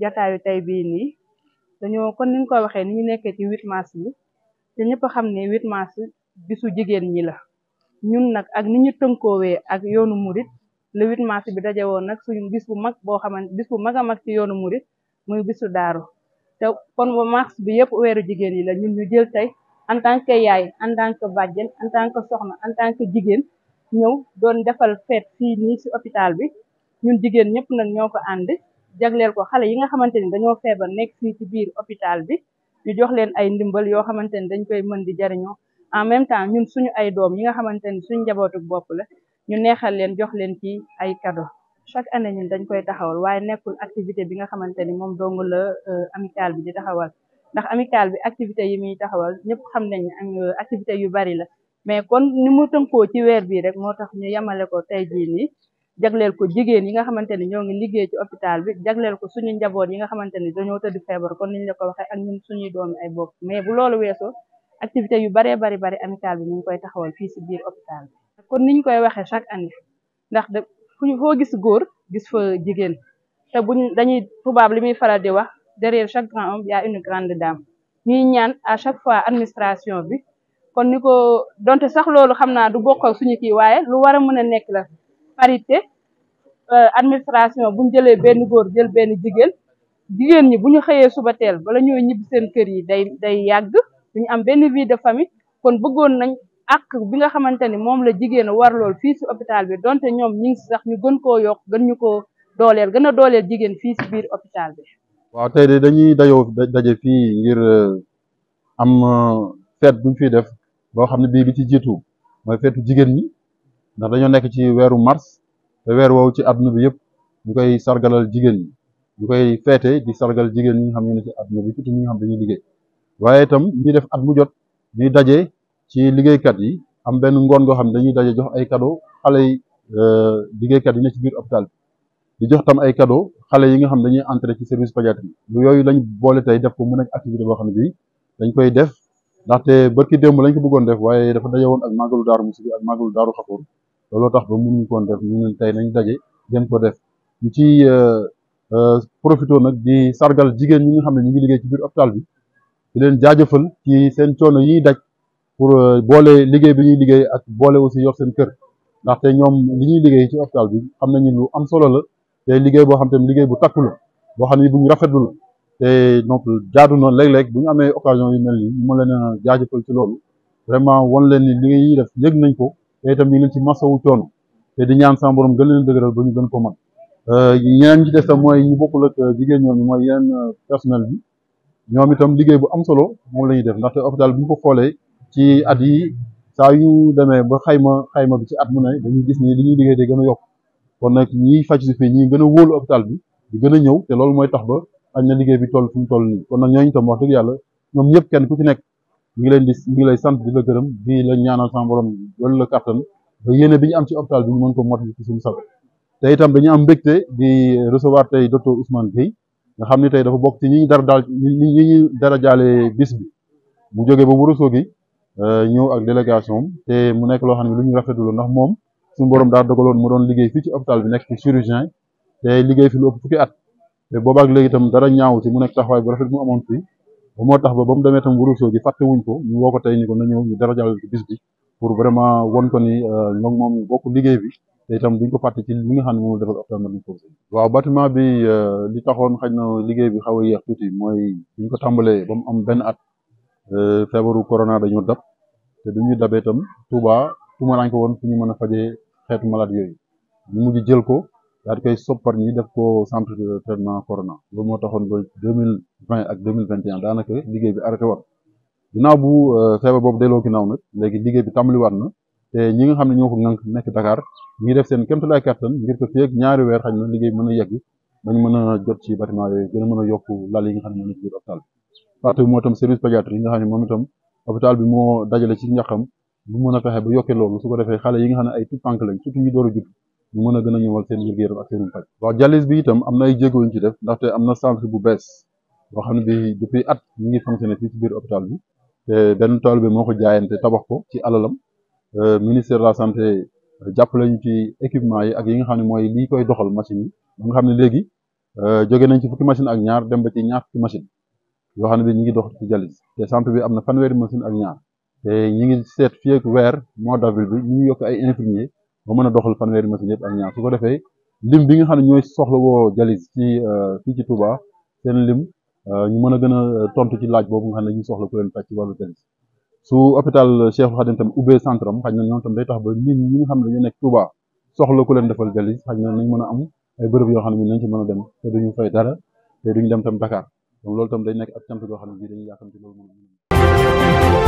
jataayu tey bii nii dañoo kon niñ ko waxee ni ñu nekkee ci 8 mars bi te ñëpp xam ne 8 mars bisu jigéen ñi la ñun nag ak ni ñu tënkoowee ak yoonu murit le bi daje woon nag suñu bis bu mag boo xamante bis bu mag a mag ci yoonu murit muy bisu daaru te kon ba mars bi yëpp weeru jigéen yi la ñun ñu jël tey en tant que yaay en tant que en tant que soxna en tant que jigéen ñëw doon defal feet fii nii si hôpital bi ñun jigéen ñëpp nag ñoo ko ànd jagleel ko xale yi nga xamante ni dañoo feebar nekk fii ci biir hôpital bi ñu jox leen ay ndimbal yoo xamante ni dañ koy mën di jariñoo en même temps ñun suñu ay doom yi nga xamante ni suñu njabootu bopp la ñu neexal leen jox leen ci ay kado chaque année ñun dañ koy taxawal waaye nekkul activité bi nga xamante ni moom dong la euh, amicale bi di taxawal ndax amicale bi activité yi muy taxawal ñëpp xam nañ euh, activité yu bari la mais kon ni mu tënkoo ci weer bii rek moo tax ñu yemale ko tey jii nii jagleel ko jigéen yi nga xamante ni ñoo ngi liggéey ci hôpital bi jagleel ko suñu njaboot yi nga xamante ni dañoo tëdd feebar kon niñ la ko waxee ak ñun suñuy doomi ay bopp mais bu loolu weesoo activité yu baree bari bari amical bi ñu ngi koy taxawal fii si biir hôpital bi kon niñ koy waxee chaque année ndax de fu foo gis góor gis fa jigéen te buñ dañuy tubaab li muy faral di wax derrière chaque grand homme y a une grande dame ñuy ñaan à chaque fois administration bi kon ni ko donte sax loolu xam naa du bokk suñu kii lu war mën a nekk la parité euh, administration bu jëlee benn góor jël benn jigéen jigéen ñi bu ñu xëyee suba teel bala ñoo ñibbi seen kër yi day day yàgg duñu am benn vie de famille kon bëggoon nañ ak bi nga xamante ni moom la jigéen war lool fii si hôpital bi donte ñoom ñi ngi si sax ñu gën koo yokk gën ñu koo dooleel gën a dooleel jigéen fii si biir hôpital bi. waaw tey dañuy dayoo daje fii ngir euh, am euh, feet bu ñu def boo xam ne bii bi ci jiitu mooy feetu jigéen ñi. ndax dañoo nekk ci weeru mars te weer woowu ci ab bi yëpp ñu koy sargalal jigéen ñi ñu koy di sargal jigéen ñi xam ñu ne ci àdduna bi surtout ñi liggéey waaye itam ñuy def at mu jot ñuy daje ci liggéeykat yi am benn ngoon goo xam ne dañuy daje jox ay cadeau xale yi euh, liggéeykat yi ne ci biir hôpital bi di jox tam ay cadeau xale yi nga xam dañuy entrer ci service pédiatrie yooyu lañ boole tey def ko mu nekk activité boo xam ne bii dañ koy def ndaxte barki démb lañ ko bëggoon def waaye dafa daje woon ak màggalu daaru Muxti bi ak màggalu daaru Xafoor looloo tax ba ñu koon def ñu ne tey nañ daje jëm ko def ñu ci euh, euh, profité nag di sargal jigéen ñi nga xam ne ñu ngi liggéey ci biir hôpital bi di leen jaajëfal ci seen coono yiy daj pour euh, boole liggéey bi ñuy liggéey ak boole aussi yor seen kër ndaxte ñoom li liggéey ci hôpital bi xam nañu lu am solo la te liggéey boo xam te liggéey bu takku la boo xam ne bu ñu rafetlu la te donc jaadu na léeg-léeg bu ñu amee occasion yu mel nii ñu mën leen a jaajëfal ci loolu vraiment wan leen ni li def yëg nañ ko. te itam ñu ngi ci masawu coono te di ñaan sama borom gën leen dëgëral ba ñu gën ko mën euh, ñeneen ci des tam mooy euh, jigéen ñoom mooy yeneen euh, personnel bi ñoom itam liggéey bu am solo moom la ñuy ndaxte hôpital bi ñu ko xoolee ci at yi saa yu demee ba xayma xayma bi ci at mu ne dañuy gis ni ñuy liggéey day gën a yokk kon nag ñiy faj fii ñi gën a wóolu hôpital bi gën a ñëw te loolu mooy tax ba añ na liggéey bi fu mu toll nii kon nag ñooñu itam wax dëgg yàlla ñoom ñëpp kenn ku ci nekk mu ngi leen di ñu ngi lay sant di la gërëm di la ñaanal sama borom loolu la kàttan ba yéene bi ñu am ci hôpital bi ñu mën ko motali ci suñu sago te itam dañu am mbégte di recevoir tey docteur Ousmane Gueye nga xam ne tey dafa bokk ci ñi dara daal ñi ñi dara jaale bis mu jógee ba wurusoo gi euh, ñëw ak délégation te mu nekk loo xam ne lu ñu rafetlu ndax moom suñu borom daa dogaloon mu doon liggéey fii ci hôpital bi nekk ci chirurgien te liggéey fi lu ëpp fukki at te boobaak léegi itam dara ñaaw ci mu nekk taxawaay bu rafet mu amoon fii ba moo tax ba ba mu demee tam warusoo gi fàtte wuñ ko ñu woo ko tey ni ko na ñëw ñu dara jàllale ko bis pour vraiment won ko ni euh, ñoom moom ñu bokk liggéey bi te itam duñ ko fàtte ci li nga xam ne moom la defal houphouët waaw bâtiment bi euh, li taxoon xëy na liggéey bi xaw a yéex tuuti mooy ñu ko tàmbalee ba mu am benn at euh, feebaru corona dañu dab te du ñuy dabee itam Touba tuumaraañ ko woon fu ñu mën a fajee xeet malade yooyu ñu mujj jël ko daal di koy soppar ñi def ko centre de traitement corona loolu moo taxoon bo deux mille vingt ak deux un daanaka liggéey bi arrêté woon ginnaaw bu euh, feebar boobu delloo ginnaaw nag léegi liggéey bi tàmbaliwaat na te ñi nga xam ne ñoo ko ŋànk nekk Dakar ñi def seen kéemtalaay kattan ngir ko fii ak ñaari weer xañ na liggéey mën a yegg dañu mën a jot ci bâtiment yooyu gën a mën a yokk lal yi moo itam service pédiatrie yi nga xam ne moom itam hôpital bi moo dajale ci njaqam bu mën a fexe ba yokkee loolu su ko defee xale yi nga xam ne ay ñu mën a gën a ñëwal seen wér yaram ak seen paj waaw dialyse bi itam am na ay jéego ñu ci def ndaxte am na centre bu bees boo xam ne bi depuis at ñu ngi fonctionné fii ci biir hôpital bi te benn tool bi moo ko jaayante tabax ko ci alalam euh, ministère la santé euh, jàpp ñu ci équipement yi ak yi nga xam ne mooy lii koy doxal machine yi ba nga xam ne léegi euh, jóge nañ ci fukki machine ak ñaar dem ba ci ñaar fukki machine yoo xam ne bi ñu ngi dox ci dialyse te bi am na fanweeri machine ak ñaar te ngi seet fii weer mois d'avril bi ñu ngi yokk ay infirmier ba mën a doxal fanweeri machine yëpp ak ñaar su ko defee lim bi nga xam ne ñooy soxla woo jalis ci euh, fii ci Touba seen lim euh, ñu mën a gën a euh, tontu ci laaj boobu nga xam ne ñu soxla ku leen faj ci wàllu jalis su hôpital Cheikhoul Khadim tam ubbee centre am na ñoom tam day tax ba nit ñi xam ne dañu nekk Touba soxla ko leen defal jalis xaj nañ mën a am ay bërëb yoo xam ne nañ ci mën a dem te duñu fay dara te duñu dem tam Dakar donc loolu tam day nekk ak cant goo xam ne bii dañuy yàkkamti loolu moom